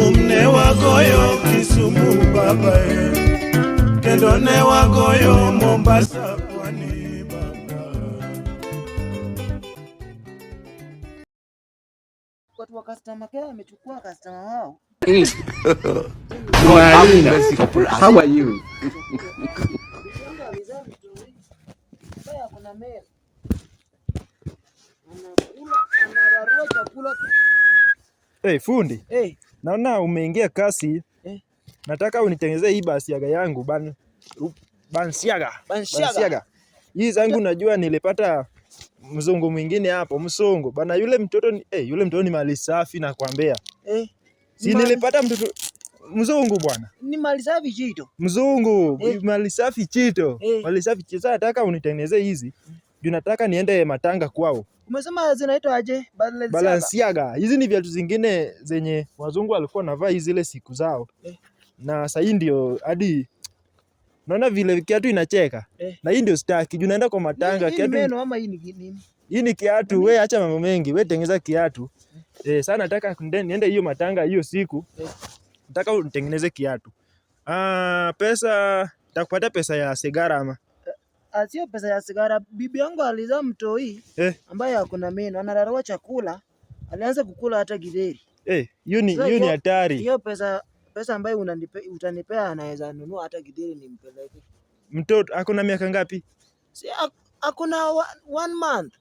Umne wagoyo Kisumu babae, kendo ne wagoyo Mombasa wa customer care Hey, fundi. Hey. Naona umeingia kasi. Eh. Nataka unitengenezee hii Balenciaga yangu ban Balenciaga. Balenciaga. Hii zangu najua nilipata mzungu mwingine hapo, mzungu. Bana yule mtoto ni, eh, yule mtoto ni mali safi nakwambia. Eh. Si nilipata mtoto mzungu bwana. Ni mali safi chito. Mzungu, eh. Mali safi chito. Eh. Mali safi chito. Nataka unitengenezee hizi. Juu nataka niende matanga kwao. Umesema zinaitwa aje? Balenciaga. Hizi ni viatu zingine zenye wazungu walikuwa wanavaa zile siku zao eh. Na sasa hii ndio hadi naona vile kiatu inacheka eh. Na hii ndio staki juu naenda kwa matanga hii, kiatu... hii, ni, hii ni kiatu we, acha mambo mengi we, tengeneza kiatu eh. Eh, sana nataka niende hiyo matanga hiyo siku eh. Nataka nitengeneze kiatu. Ah, pesa takupata pesa ya Segarama asiyo pesa ya sigara. Bibi yangu alizaa mtoi eh, ambaye hakuna meno, anararua chakula, alianza kukula hata githeri eh. Hiyo ni hiyo ni hatari. Hiyo pesa pesa ambayo unanipe, utanipea anaweza nunua hata githeri nimpeleke. Mtoto hakuna miaka ngapi? Si hakuna one, month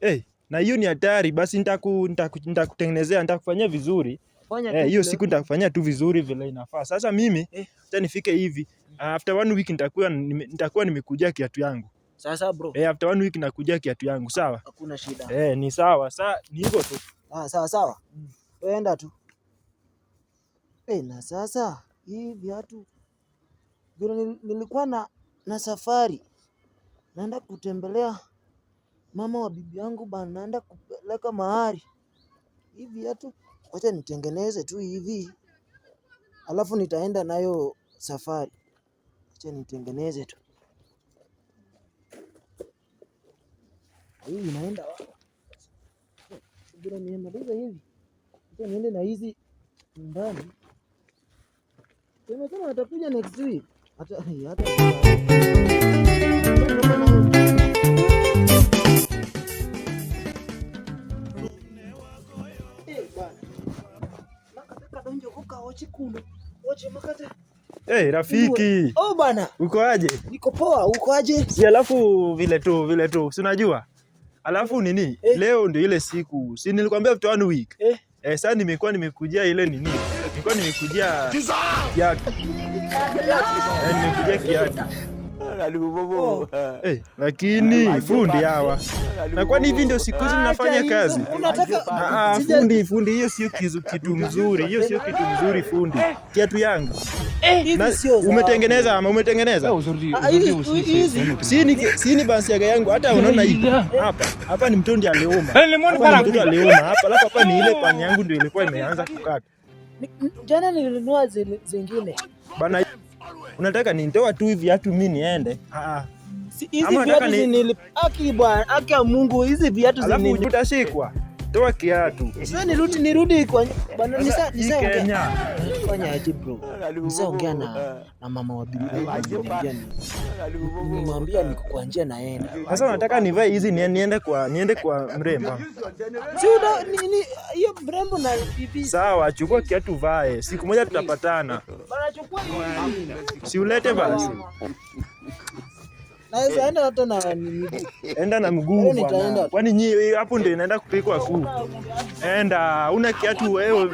eh, na hiyo ni hatari. Basi nitaku, nitakutengenezea nitakufanyia vizuri Eh, hiyo siku nitafanyia tu vizuri vile inafaa. Sasa mimi eh, nifike hivi after one week nitakuwa nitakuwa nimekujia kiatu yangu. Sasa bro. Eh, after one week nakujia kiatu yangu, sawa? Hakuna shida. Eh, ni sawa. Sasa ni hivyo tu. Ah, sawa sawa. Mm. enda tu. Eh, na sasa hii viatu nilikuwa na na safari naenda kutembelea mama wa bibi yangu bana, naenda kupeleka mahari hii viatu wacha nitengeneze tu hivi, alafu nitaenda nayo safari. Wacha nitengeneze tu hii, inaenda bila nimemaliza hivi, wacha niende na hizi nyumbani. Semekana atakuja next week hata Chikuno. Waje makata. Eh, hey, rafiki. Oh bwana. Uko aje? Niko poa, uko aje? Si alafu vile tu, vile tu. Si unajua? Alafu nini? Eh. Leo ndio ile siku. Si nilikwambia after one week. Eh. Eh, sasa nimekuwa nimekujia ile nini? Nilikuwa nimekujia. Kiatu. Eh, nimekujia kiatu. Oh. Eh. lakini fundi hawa na kwani hivi ndio siku hizi ah, mnafanya kazi? Ah, fundi fundi, hiyo sio kitu mzuri, hiyo sio kitu mzuri fundi. Eh. Kiatu yangu eh. umetengeneza ama umetengeneza? Si ni basiaga yangu, hata unaona hivi hapa hapa ni mtondi aliuma alioma hapa, alafu hapa ni ile pani yangu ndio ilikuwa imeanza kukata. Jana nilinunua zingine bana. Unataka nitoa tu hivi hatu mimi niende? Ah, ah. hizi viatu aki bwana, aki ya Mungu, hizi viatu Alafu Utashikwa. Toa kiatu. Sasa nirudi nirudi kwa bwana, nisa nisa ongea. Fanya aje bro? Mzee ongea na eh. na mama wa bibi. Nimwambia niko kwa njia naenda. Sasa unataka nivae hizi niende kwa niende kwa mrembo. Chuda nini hiyo mrembo na bibi? Sawa, chukua kiatu vae. Siku moja tutapatana. Bana chukua hii. Si ulete basi. Naweza enda hata na miguu. Enda na mguu. bwana. Kwani nyi hapo ndio inaenda kupikwa kuu. Enda, una kiatu wewe.